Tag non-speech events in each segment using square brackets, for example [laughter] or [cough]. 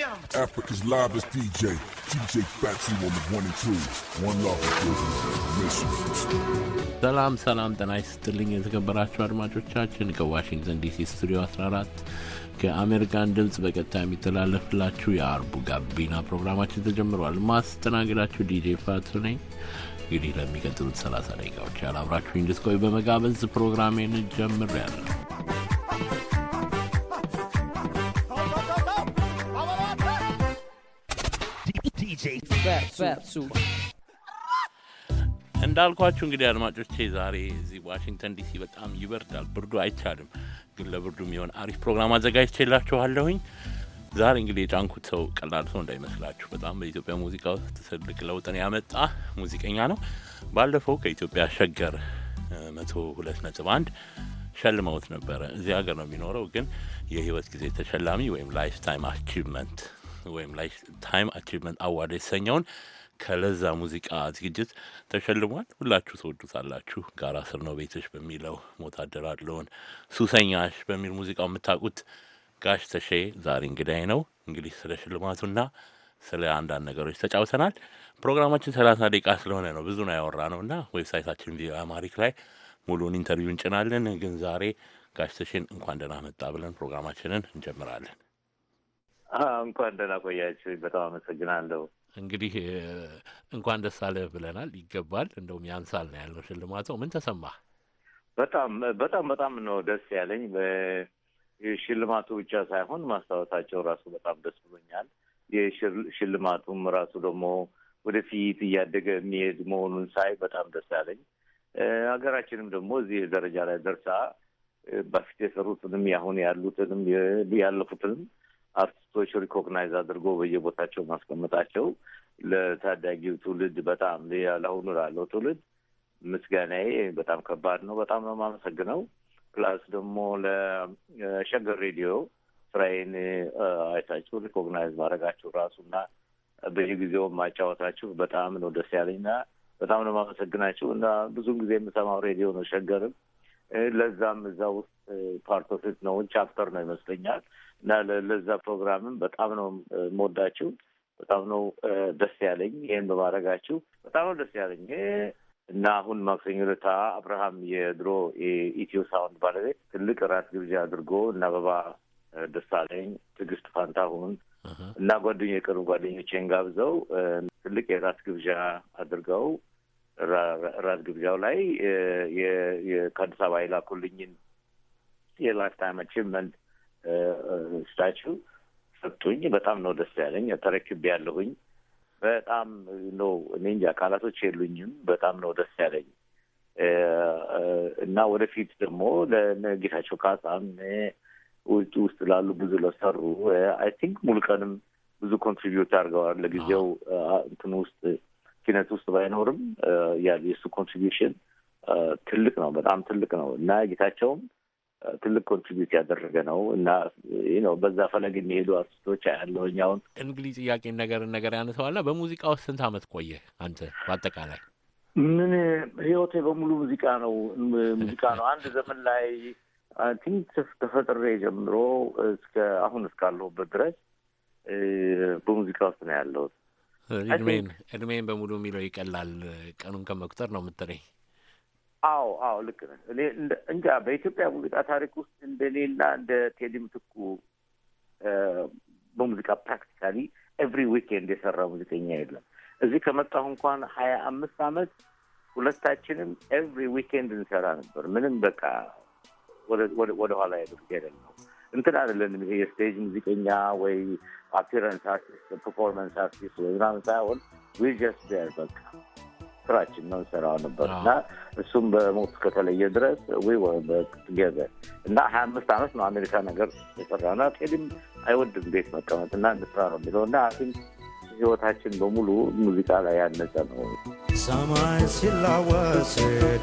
Jim. Africa's livest DJ, DJ Fatsy on the one and two. One love ሰላም ሰላም፣ ጤና ይስጥልኝ የተከበራችሁ አድማጮቻችን ከዋሽንግተን ዲሲ ስቱዲዮ 14 ከአሜሪካን ድምፅ በቀጥታ የሚተላለፍላችሁ የአርቡ ጋቢና ፕሮግራማችን ተጀምሯል። ማስተናገዳችሁ ዲጄ ፋቱ ነኝ። እንግዲህ ለሚቀጥሉት 30 ደቂቃዎች ያላብራችሁ እንድትቆዩ በመጋበዝ ፕሮግራሜን ጀምር ጀምሬያለሁ። እንዳልኳችሁ እንግዲህ አድማጮቼ ዛሬ እዚህ ዋሽንግተን ዲሲ በጣም ይበርዳል። ብርዱ አይቻልም፣ ግን ለብርዱ የሚሆን አሪፍ ፕሮግራም አዘጋጅቼላችኋለሁኝ። ዛሬ እንግዲህ የጫንኩት ሰው ቀላል ሰው እንዳይመስላችሁ በጣም በኢትዮጵያ ሙዚቃ ውስጥ ትልቅ ለውጥን ያመጣ ሙዚቀኛ ነው። ባለፈው ከኢትዮጵያ ሸገር መቶ ሁለት ነጥብ አንድ ሸልመውት ነበረ። እዚህ ሀገር ነው የሚኖረው፣ ግን የህይወት ጊዜ ተሸላሚ ወይም ላይፍ ታይም አቺቭመንት ወይም ላይ ታይም አቺቭመንት አዋርድ የተሰኘውን ከለዛ ሙዚቃ ዝግጅት ተሸልሟል። ሁላችሁ ትወዱታላችሁ። ጋራ ስር ነው ቤትሽ በሚለው ወታደር አለውን ሱሰኛሽ በሚል ሙዚቃው የምታውቁት ጋሽ ተሼ ዛሬ እንግዳይ ነው። እንግዲህ ስለ ሽልማቱና ስለ አንዳንድ ነገሮች ተጫውተናል። ፕሮግራማችን ሰላሳ ደቂቃ ስለሆነ ነው ብዙ ነው ያወራ ነው እና ዌብሳይታችን ቪ አማሪክ ላይ ሙሉውን ኢንተርቪው እንጭናለን። ግን ዛሬ ጋሽ ተሼን እንኳን ደህና መጣ ብለን ፕሮግራማችንን እንጀምራለን። እንኳን ደህና ቆያችሁ። በጣም አመሰግናለሁ። እንግዲህ እንኳን ደስ አለህ ብለናል። ይገባል፣ እንደውም ያንሳል ነው ያልነው ሽልማቱ። ምን ተሰማህ? በጣም በጣም በጣም ነው ደስ ያለኝ። ሽልማቱ ብቻ ሳይሆን ማስታወሳቸው ራሱ በጣም ደስ ብሎኛል። የሽልማቱም ራሱ ደግሞ ወደፊት እያደገ የሚሄድ መሆኑን ሳይ በጣም ደስ ያለኝ። ሀገራችንም ደግሞ እዚህ ደረጃ ላይ ደርሳ በፊት የሰሩትንም ያሁን ያሉትንም ያለፉትንም አርቲስቶች ሪኮግናይዝ አድርጎ በየቦታቸው ማስቀመጣቸው ለታዳጊው ትውልድ በጣም ለአሁኑ ላለው ትውልድ ምስጋናዬ በጣም ከባድ ነው። በጣም ነው የማመሰግነው። ፕላስ ደግሞ ለሸገር ሬዲዮ ስራዬን አይታችሁ ሪኮግናይዝ ማድረጋችሁ ራሱና በየጊዜው ማጫወታችሁ በጣም ነው ደስ ያለኝና በጣም ነው የማመሰግናችሁ እና ብዙን ጊዜ የምሰማው ሬዲዮ ነው ሸገርም ለዛም እዛ ውስጥ ፓርት ኦፍ ኢት ነው ቻፕተር ነው ይመስለኛል። እና ለዛ ፕሮግራምም በጣም ነው የምወዳችሁ። በጣም ነው ደስ ያለኝ ይህን በማድረጋችሁ በጣም ነው ደስ ያለኝ። እና አሁን ማክሰኞ ዕለት አብርሃም የድሮ የኢትዮ ሳውንድ ባለቤት ትልቅ ራት ግብዣ አድርጎ እና አበባ ደሳለኝ፣ ትዕግስት ፋንታሁን እና ጓደኛ የቅርብ ጓደኞቼን ጋብዘው ትልቅ የራት ግብዣ አድርገው ራት ግብዣው ላይ ከአዲስ አበባ የላኩልኝን የላይፍታይም አቺቭመንት ስታቹ ሰጥቶኝ በጣም ነው ደስ ያለኝ። ተረክብ ያለሁኝ በጣም ነው እኔ እንጃ ቃላቶች የሉኝም። በጣም ነው ደስ ያለኝ እና ወደፊት ደግሞ ለጌታቸው ካሳም ውጭ ውስጥ ላሉ ብዙ ለሰሩ አይ ቲንክ ሙሉቀንም ብዙ ኮንትሪቢዩት አድርገዋል። ለጊዜው እንትን ውስጥ ኪነት ውስጥ ባይኖርም ያሉ የእሱ ኮንትሪቢሽን ትልቅ ነው፣ በጣም ትልቅ ነው እና ጌታቸውም ትልቅ ኮንትሪቢዩት ያደረገ ነው እና ነው በዛ ፈለግ የሚሄዱ አርቲስቶች ያለውኝ አሁን እንግዲህ ጥያቄ ነገር ነገር ያነሰዋል ና በሙዚቃ ውስጥ ስንት አመት ቆየ አንተ በአጠቃላይ? ምን ህይወቴ በሙሉ ሙዚቃ ነው ሙዚቃ ነው። አንድ ዘመን ላይ ቲንክ ተፈጥሬ ጀምሮ እስከ አሁን እስካለሁበት ድረስ በሙዚቃ ውስጥ ነው ያለሁት። እድሜን በሙሉ የሚለው ይቀላል። ቀኑን ከመቁጠር ነው የምትለኝ? አዎ አዎ ልክ ነህ። እኔ እንጃ በኢትዮጵያ ሙዚቃ ታሪክ ውስጥ እንደ እኔና እንደ ቴዲ ምትኩ በሙዚቃ ፕራክቲካሊ ኤቭሪ ዊኬንድ የሰራ ሙዚቀኛ የለም። እዚህ ከመጣሁ እንኳን ሀያ አምስት አመት ሁለታችንም ኤቭሪ ዊኬንድ እንሰራ ነበር። ምንም በቃ ወደኋላ ያደርግ ነው እንትን አይደለንም። ይሄ የስቴጅ ሙዚቀኛ ወይ አፒረንስ አርቲስት፣ ፐርፎርመንስ አርቲስት ወይ ምናምን ሳይሆን ዊ ጀስት ዜር በቃ ስራችን ነው እንሰራው ነበር እና እሱም በሞት እስከተለየ ድረስ ገዘ እና ሀያ አምስት አመት ነው አሜሪካ ነገር የሰራ ና ቴዲም አይወድም ቤት መቀመጥ እና እንስራ ነው የሚለው እና አን ህይወታችን በሙሉ ሙዚቃ ላይ ያነጸ ነው። ሰማይ ሲላወስ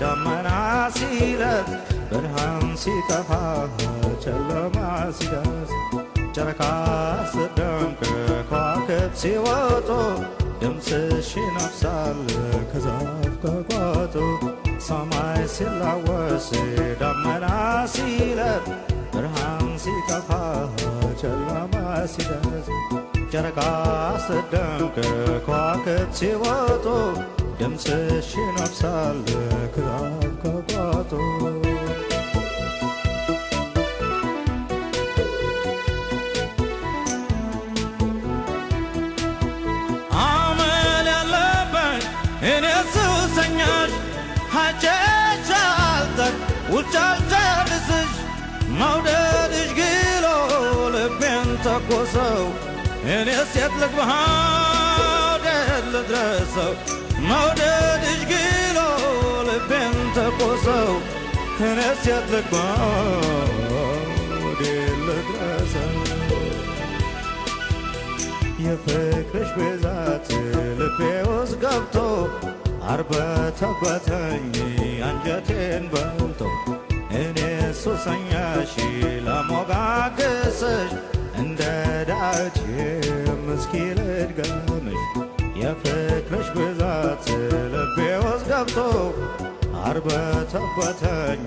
ደመና ሲለት ብርሃን ሲጠፋ ጨለማ ሲደርስ ጨረቃ ስደምቅ ከዋክብ ሲወጡ ድምፅሽን አፍሳል ከዛፍ ከቋጡ ሰማይ ሲላወስ ደመና ሲለት ብርሃን ሲጠፋ ጨለማ ሲደርስ ጨረቃ ስትደምቅ ከዋክብት ሲወጡ ድምፅሽን አፍሳል ከዛፍ ከቋጡ ቻልቻልስሽ መውደድሽ ግሎ ልቤን ተቆሰው እኔ ሴት ልግባህ ወደድ ልድረሰው መውደድሽ ግሎ ልቤን ተቆሰው እኔ ሴት ልግባህ ወደድ ልድረሰው የፍቅርሽ ብዛት ልቤ ውስጥ ገብቶ አርበተበተኝ አንጀቴን በልቶ እኔ ሱሰኛሽ ለሞጋግስሽ እንደ ዳች ምስኪ ልድገምሽ የፍቅርሽ ብዛት ልቤ ውስጥ ገብቶ አርበተበተኝ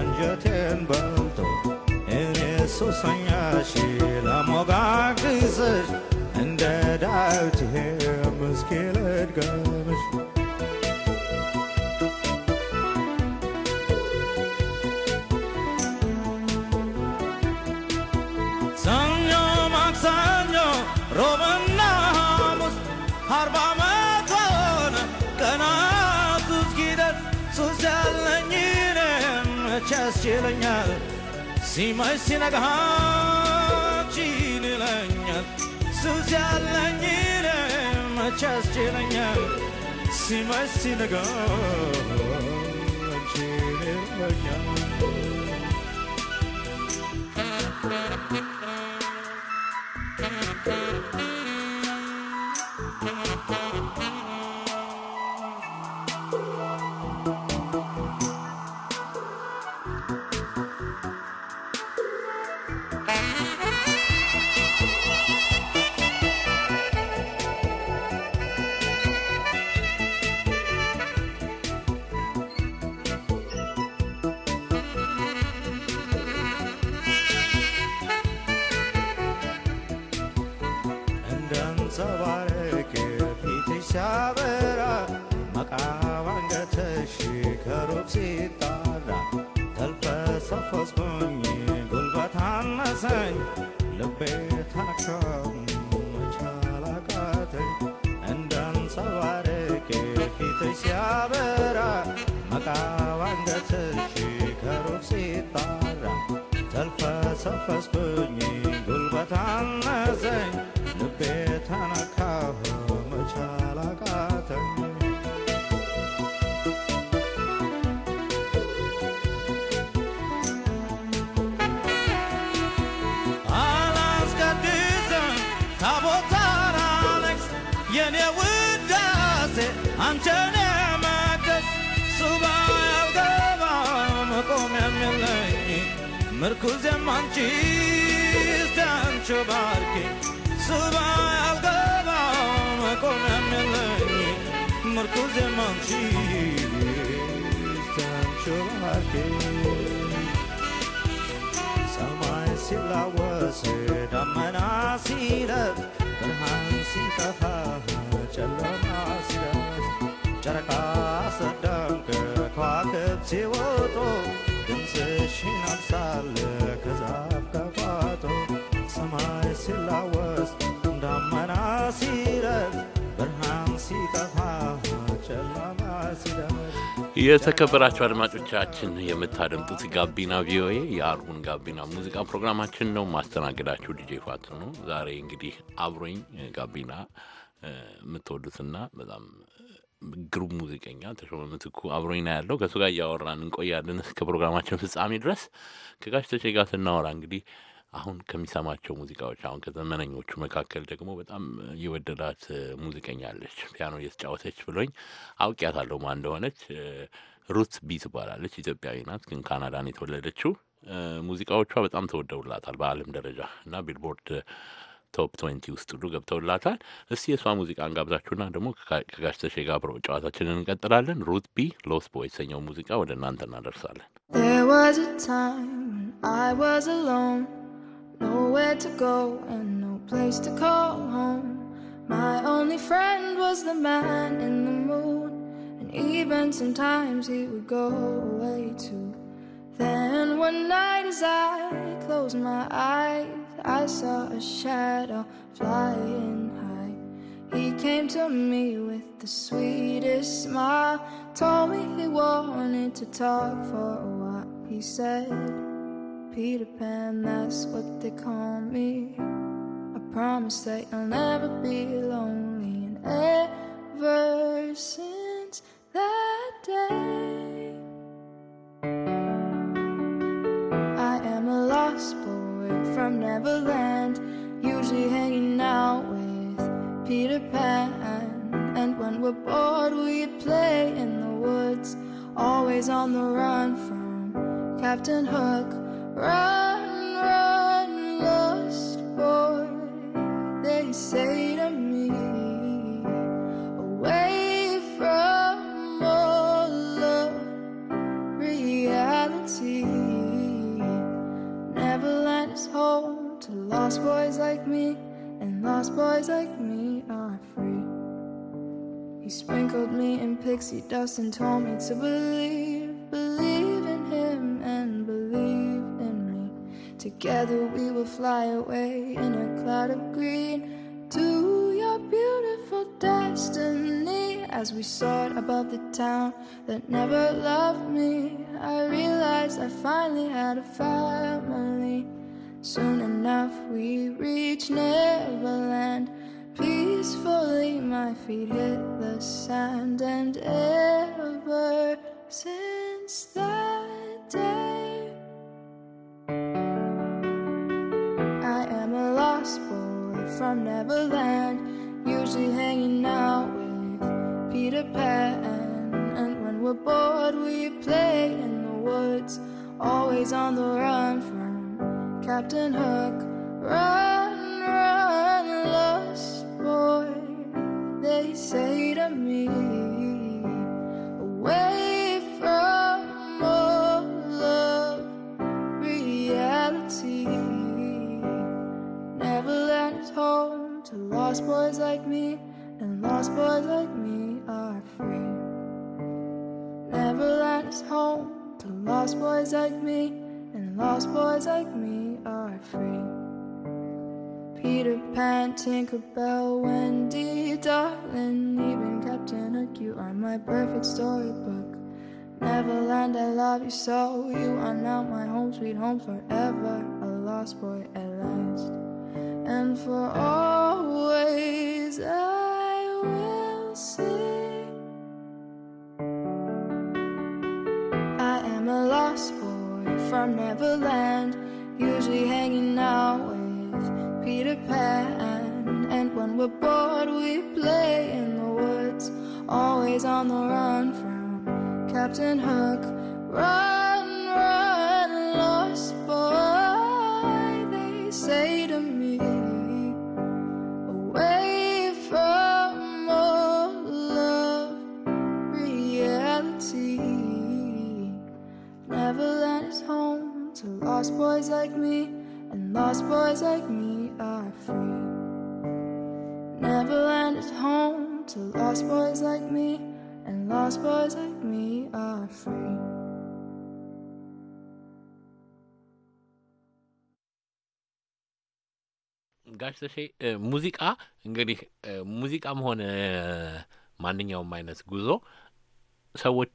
አንጀቴን በልቶ እኔ ሱሰኛሽ ለሞጋግስሽ እንደ ዳዊት ምስኪ ልድገምሽ ይለኛል ሲመሽ ሲነጋች ይልለኛል ሱስ ያለኝ መች ያስችለኛል ሲመሽ ሲነጋች ይልለኛል ነፈስ ጉልበት አነሰኝ ልቤ ምርኩዜም አንቺ እስቲያንቺ ባርኪ ስባ ያልገባው መቆሚያም የለኝ ምርኩዜም አንቺ እስቲያንቺ ባርኪ ሰማይ ሲላወስ ደመና ሲለት ብርሃን ሲጠፋ ጨለማ ሲለት ጨረቃ ስደምቅ ከዋክብት ሲወጡ እሺን አልሳለ ከዛፍ ከፋቶ ሰማይ ሲላወስ እንዳመና ሲረግ ብርሃን ሲጠፋ ጨለማ ሲደመድ የተከበራችሁ አድማጮቻችን የምታደምጡት ጋቢና ቪኦኤ የአርቡን ጋቢና ሙዚቃ ፕሮግራማችን ነው። ማስተናገዳችሁ ዲጄ ፋት ነው። ዛሬ እንግዲህ አብሮኝ ጋቢና የምትወዱትና በጣም ግሩም ሙዚቀኛ ተሾመ ምትኩ አብሮኝ ነው ያለው። ከእሱ ጋር እያወራን እንቆያለን እስከ [laughs] ፕሮግራማችን ፍጻሜ ድረስ። ከጋሽ ተቼ ጋር ስናወራ እንግዲህ አሁን ከሚሰማቸው ሙዚቃዎች አሁን ከዘመነኞቹ መካከል ደግሞ በጣም የወደዳት ሙዚቀኛ አለች፣ ፒያኖ እየተጫወተች ብሎኝ አውቂያታለሁ ማን እንደሆነች። ሩት ቢ ትባላለች። ኢትዮጵያዊ ናት፣ ግን ካናዳን የተወለደችው ሙዚቃዎቿ በጣም ተወደውላታል በዓለም ደረጃ እና ቢልቦርድ ቶፕ ውስጥ ሁሉ ገብተውላታል። እስቲ የእሷ ሙዚቃ እንጋብዛችሁና ደግሞ ከጋሽ ተሼ ጋር አብሮ ጨዋታችንን እንቀጥላለን። ሩት ቢ ሎስ የተሰኘው ሙዚቃ ወደ እናንተ እናደርሳለን። There was a time when I was alone, nowhere to go and no place to call home. My only friend was the man in the moon, and even sometimes he would go away too. Then one night as I closed my eyes, I saw a shadow flying high. He came to me with the sweetest smile. Told me he wanted to talk for a while. He said, Peter Pan, that's what they call me. I promise that you'll never be lonely. And ever since that day, from Neverland, usually hanging out with Peter Pan. And when we're bored, we play in the woods, always on the run from Captain Hook. Run like me and lost boys like me are free. He sprinkled me in pixie dust and told me to believe, believe in him and believe in me. Together we will fly away in a cloud of green to your beautiful destiny. As we soared above the town that never loved me, I realized I finally had a family. Soon enough, we reach Neverland. Peacefully, my feet hit the sand, and ever since that day, I am a lost boy from Neverland, usually hanging out with Peter Pan. And when we're bored, we play in the woods, always on the run from Captain Hook. Run, run, lost boy, they say to me. Away from all of reality. Neverland is home to lost boys like me, and lost boys like me are free. Neverland is home to lost boys like me and lost boys like me are free. Peter Pan, Tinkerbell, Wendy, darling, even Captain Hook, you are my perfect storybook. Neverland, I love you so. You are now my home, sweet home forever. A lost boy at last. And for always, I will sing. I am a lost boy from Neverland. Peter Pan. And when we're bored, we play in the woods, always on the run from Captain Hook. Run, run, lost boy, they say to me. Away from all of reality. Neverland is home to lost boys like me and lost boys like me are free. Neverland is home to lost boys like me, and lost boys like me are free. ጋሽ ተሼ ሙዚቃ እንግዲህ ሙዚቃም ሆነ ማንኛውም አይነት ጉዞ ሰዎች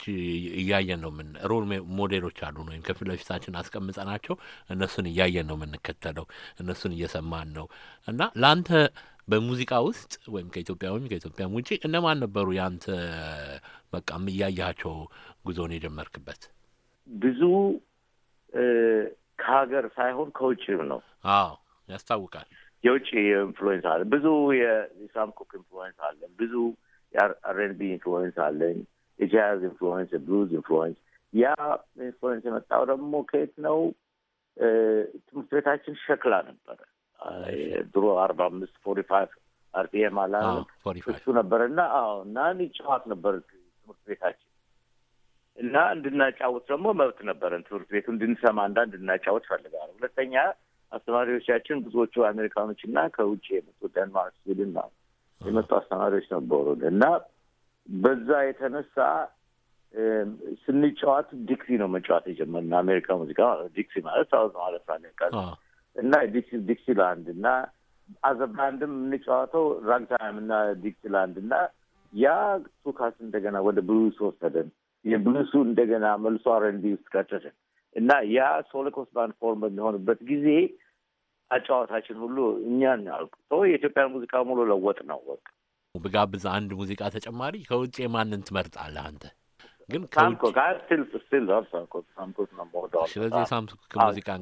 እያየን ነው ምን ሮል ሞዴሎች አሉን ወይም ከፊት ለፊታችን አስቀምጠናቸው እነሱን እያየን ነው የምንከተለው እነሱን እየሰማን ነው እና ለአንተ በሙዚቃ ውስጥ ወይም ከኢትዮጵያ ወይም ከኢትዮጵያም ውጪ እነማን ነበሩ የአንተ በቃ እያያቸው ጉዞን የጀመርክበት? ብዙ ከሀገር ሳይሆን ከውጭ ነው። አዎ ያስታውቃል። የውጭ ኢንፍሉዌንስ አለ ብዙ የሳምኮክ ኢንፍሉዌንስ አለ ብዙ የአርኤንቢ ኢንፍሉዌንስ አለኝ የጃዝ ኢንፍሉዌንስ፣ የብሉዝ ኢንፍሉዌንስ። ያ ኢንፍሉዌንስ የመጣው ደግሞ ከየት ነው? ትምህርት ቤታችን ሸክላ ነበረ ድሮ አርባ አምስት ፎርቲ ፋይቭ አርፒኤም አላ እሱ ነበር እና አዎ እና እንጫወት ነበር ትምህርት ቤታችን እና እንድናጫወት ደግሞ መብት ነበረን። ትምህርት ቤቱ እንድንሰማ እንዳ እንድናጫወት ፈልጋል። ሁለተኛ አስተማሪዎቻችን ብዙዎቹ አሜሪካኖች እና ከውጭ የመጡ ደንማርክ፣ ስዊድን የመጡ አስተማሪዎች ነበሩን እና በዛ የተነሳ ስንጫወት ዲክሲ ነው መጫወት የጀመርነው። አሜሪካ ሙዚቃ ማለት ዲክሲ ማለት ሳውዝ ማለት አሜሪካ እና ዲክሲላንድ እና አዘ ባንድም የምንጫወተው ራግታይም እና ዲክሲላንድ እና ያ ሱካስ እንደገና ወደ ብሉስ ወሰደን። የብሉሱ እንደገና መልሶ አረንዲ ውስጥ ቀጨሰን እና ያ ሶሊኮስ ባንድ ፎርም በሚሆንበት ጊዜ አጫዋታችን ሁሉ እኛን ያልኩ ሰው የኢትዮጵያን ሙዚቃ ሙሉ ለወጥ ነው በቃ ብጋብዝ አንድ ሙዚቃ ተጨማሪ ከውጭ ማንን ትመርጣለህ አንተ? ግን ስለዚህ ሳምኮክ ሙዚቃን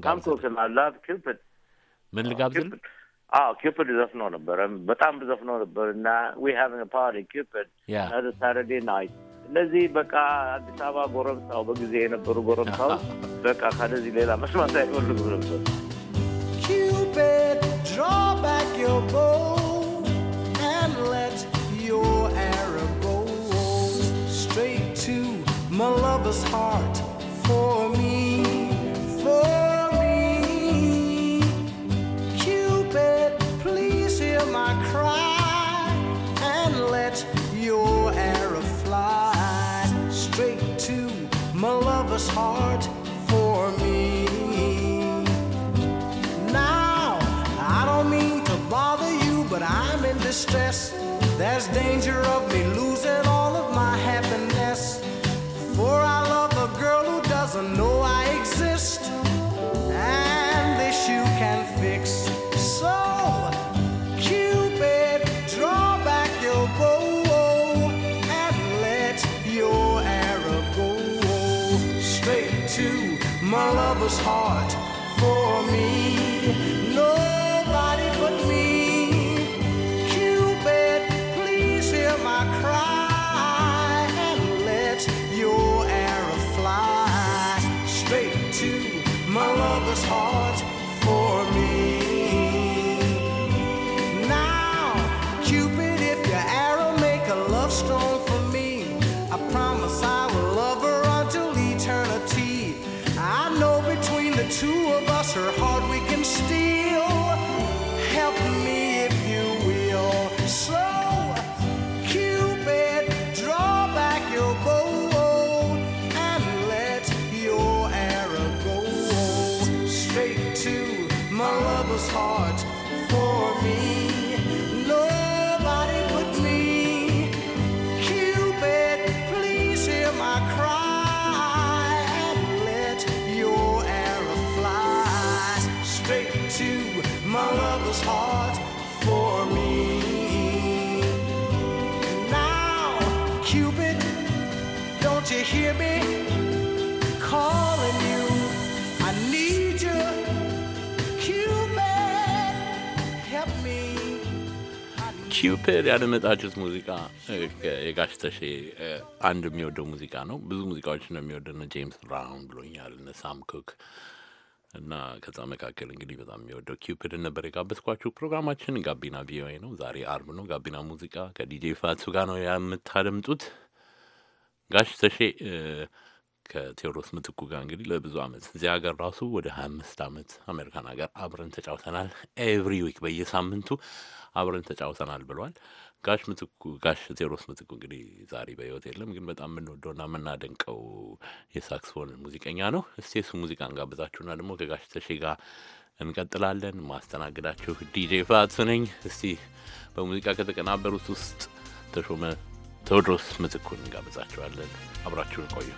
ምን ልጋብዝል? አዎ ኪውፕድ ዘፍኖ ነበረ። በጣም ዘፍኖ ነበር እና ዊ ሃቪንግ ፓርቲ ኪውፕድ ሳተርዴ ናይት እነዚህ በቃ አዲስ አበባ ጎረምሳው በጊዜ የነበሩ ጎረምሳው [laughs] በቃ ከደዚህ ሌላ መስማት አይፈልጉ ነበር። let your arrow go straight to my lover's heart for me, for me. Cupid, please hear my cry and let your arrow fly straight to my lover's heart for me. distress. There's danger of me losing all of my happiness. For I love a girl who doesn't know I exist. And this you can fix. So, Cupid, draw back your bow and let your arrow go straight to my lover's heart. ኪውፒድ ያደመጣችሁት ሙዚቃ የጋሽ ተሼ አንድ የሚወደው ሙዚቃ ነው። ብዙ ሙዚቃዎች ነው የሚወደነ ጄምስ ብራውን ብሎኛል፣ እነ ሳም ኩክ እና ከዛ መካከል እንግዲህ በጣም የሚወደው ኪውፒድ ነበር የጋበዝኳችሁ። ፕሮግራማችን ጋቢና ቪኦኤ ነው። ዛሬ አርብ ነው። ጋቢና ሙዚቃ ከዲጄ ፋቱ ጋር ነው የምታደምጡት። ጋሽ ተሼ ከቴዎድሮስ ምትኩ ጋር እንግዲህ ለብዙ ዓመት እዚህ ሀገር ራሱ ወደ ሀያ አምስት አመት አሜሪካን ሀገር አብረን ተጫውተናል። ኤቭሪ ዊክ በየሳምንቱ አብረን ተጫውተናል ብሏል። ጋሽ ምትኩ ጋሽ ቴዎድሮስ ምትኩ እንግዲህ ዛሬ በህይወት የለም፣ ግን በጣም የምንወደውና የምናደንቀው የሳክስፎን ሙዚቀኛ ነው። እስቲ እሱ ሙዚቃ እንጋብዛችሁና ደግሞ ከጋሽ ተሼ ጋር እንቀጥላለን። ማስተናግዳችሁ ዲጄ ፋቱ ነኝ። እስቲ በሙዚቃ ከተቀናበሩት ውስጥ ተሾመ ቴዎድሮስ ምትኩን እንጋብዛችኋለን። አብራችሁን ቆዩ።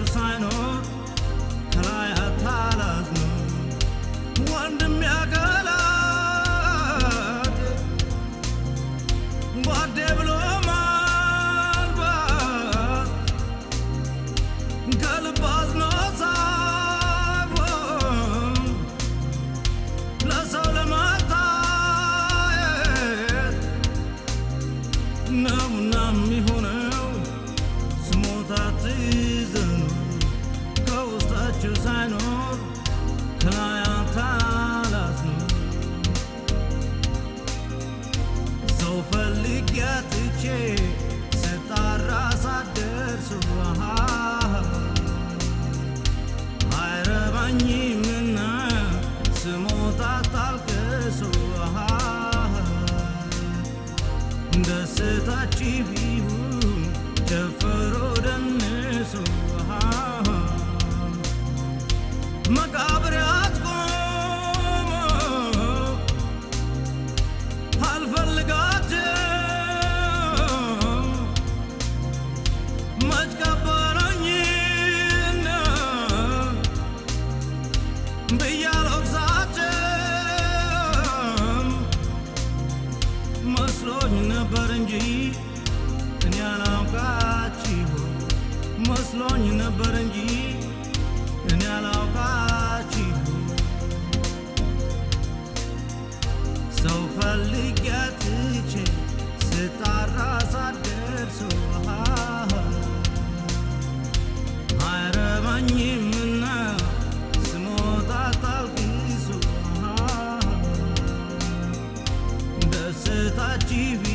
Sino, Kalaya Talasno, Wanda Miaka. ደስታችሁ ደንሱ መቃብሪያ verdade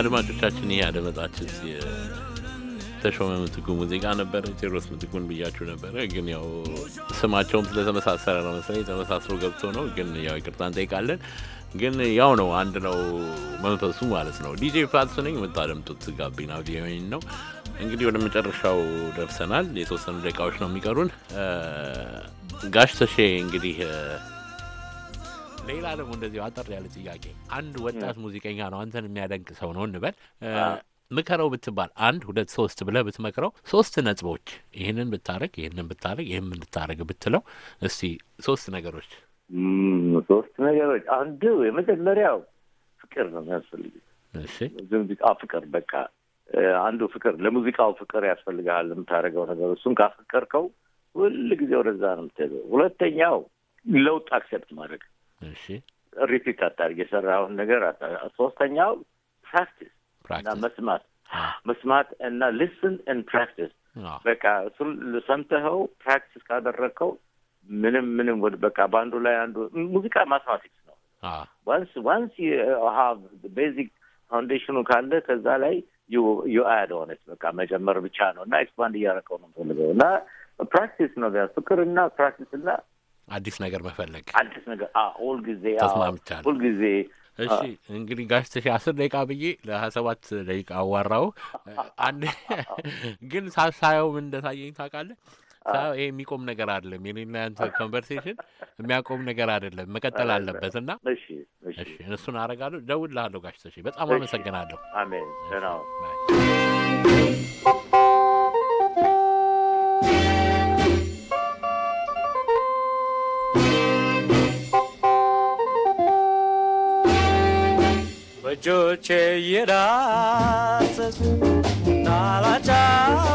አድማጮቻችን ይህ ያደመጣችን ተሾመ ምትኩ ሙዚቃ ነበረ። ቴዎድሮስ ምትኩን ብያችሁ ነበረ፣ ግን ያው ስማቸውም ስለተመሳሰረ ነው መሰለኝ ተመሳስሮ ገብቶ ነው። ግን ያው ይቅርታ እንጠይቃለን። ግን ያው ነው አንድ ነው መንፈሱ ማለት ነው። ዲጄ ፋትስ ነኝ። የምታደምጡት ጋቢና ቪኦኤ ነው። እንግዲህ ወደ መጨረሻው ደርሰናል። የተወሰኑ ደቂቃዎች ነው የሚቀሩን። ጋሽ ተሼ እንግዲህ ሌላ ደግሞ እንደዚህ አጠር ያለ ጥያቄ፣ አንድ ወጣት ሙዚቀኛ ነው አንተን የሚያደንቅ ሰው ነው እንበል ምከረው ብትባል አንድ ሁለት ሶስት ብለህ ብትመክረው ሶስት ነጥቦች ይህንን ብታረግ ይህንን ብታረግ ይህም ብታረግ ብትለው እስቲ ሶስት ነገሮች ሶስት ነገሮች አንዱ የመጀመሪያው ፍቅር ነው የሚያስፈልግ ሙዚቃ ፍቅር በቃ አንዱ ፍቅር ለሙዚቃው ፍቅር ያስፈልግሃል የምታደርገው ነገር እሱን ካፈቀርከው ሁል ጊዜ ወደዛ ነው የምትሄደው ሁለተኛው ለውጥ አክሴፕት ማድረግ ሪፒት አታድርግ የሰራውን ነገር። ሶስተኛው ፕራክቲስ እና መስማት መስማት እና ሊስን ን ፕራክቲስ በቃ እሱን ሰምተኸው ፕራክቲስ ካደረግከው ምንም ምንም ወደ በቃ በአንዱ ላይ አንዱ ሙዚቃ ማስማቲክስ ነው። ዋንስ ዋንስ ሀቭ ቤዚክ ፋውንዴሽኑ ካለ ከዛ ላይ ዩ አድ ሆነች በቃ መጀመር ብቻ ነው እና ኤክስፓንድ እያደረገው ነው ፈልገው እና ፕራክቲስ ነው ቢያንስ ፍቅርና ፕራክቲስ እና አዲስ ነገር መፈለግ አዲስ ነገር ሁልጊዜ ተስማምቻለሁ። ሁልጊዜ እሺ እንግዲህ ጋሽ ተሺ አስር ደቂቃ ብዬ ለሀያ ሰባት ደቂቃ አዋራው። አንድ [laughs] ግን ሳሳየውም እንደታየኝ ታውቃለህ ይሄ የሚቆም ነገር አይደለም። የኔና ያንተ ኮንቨርሴሽን የሚያቆም ነገር አይደለም፣ መቀጠል አለበት እና እሺ፣ እሱን አረጋለሁ። ደውልልሃለሁ ጋሽ ተሺ። በጣም አመሰግናለሁ። አሜን። Joe Cheyeras, Nalachas.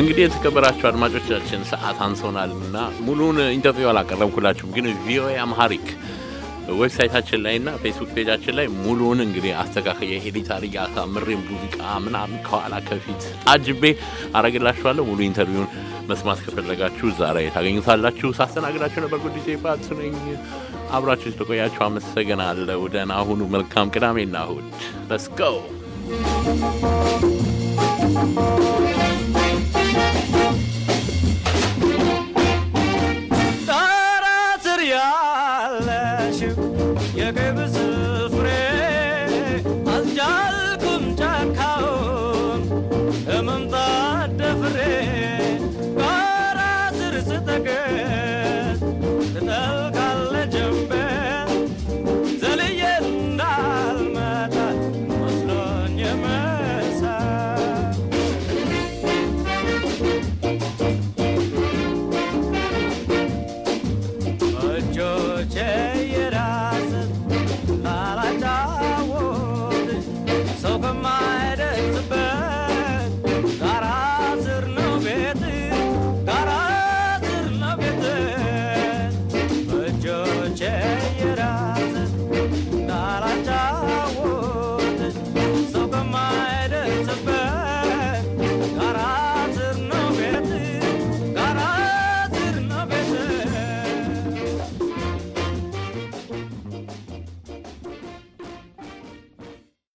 እንግዲህ የተከበራችሁ አድማጮቻችን ሰዓት አንሶናል እና ሙሉውን ኢንተርቪው አላቀረብኩላችሁም፣ ግን ቪኦኤ አምሃሪክ ዌብሳይታችን ላይ እና ፌስቡክ ፔጃችን ላይ ሙሉውን እንግዲህ አስተካከየ ሄዲት ያሳ ምሬ ሙዚቃ ምናምን ከኋላ ከፊት አጅቤ አረግላችኋለሁ። ሙሉ ኢንተርቪውን መስማት ከፈለጋችሁ ዛሬ ታገኙታላችሁ። ሳስተናግዳችሁ ነበር ጉዲሴ ባት ነኝ። አብራችሁ ስለቆያችሁ አመሰግናለሁ። ደህና ሁኑ። መልካም ቅዳሜና እሁድ። you.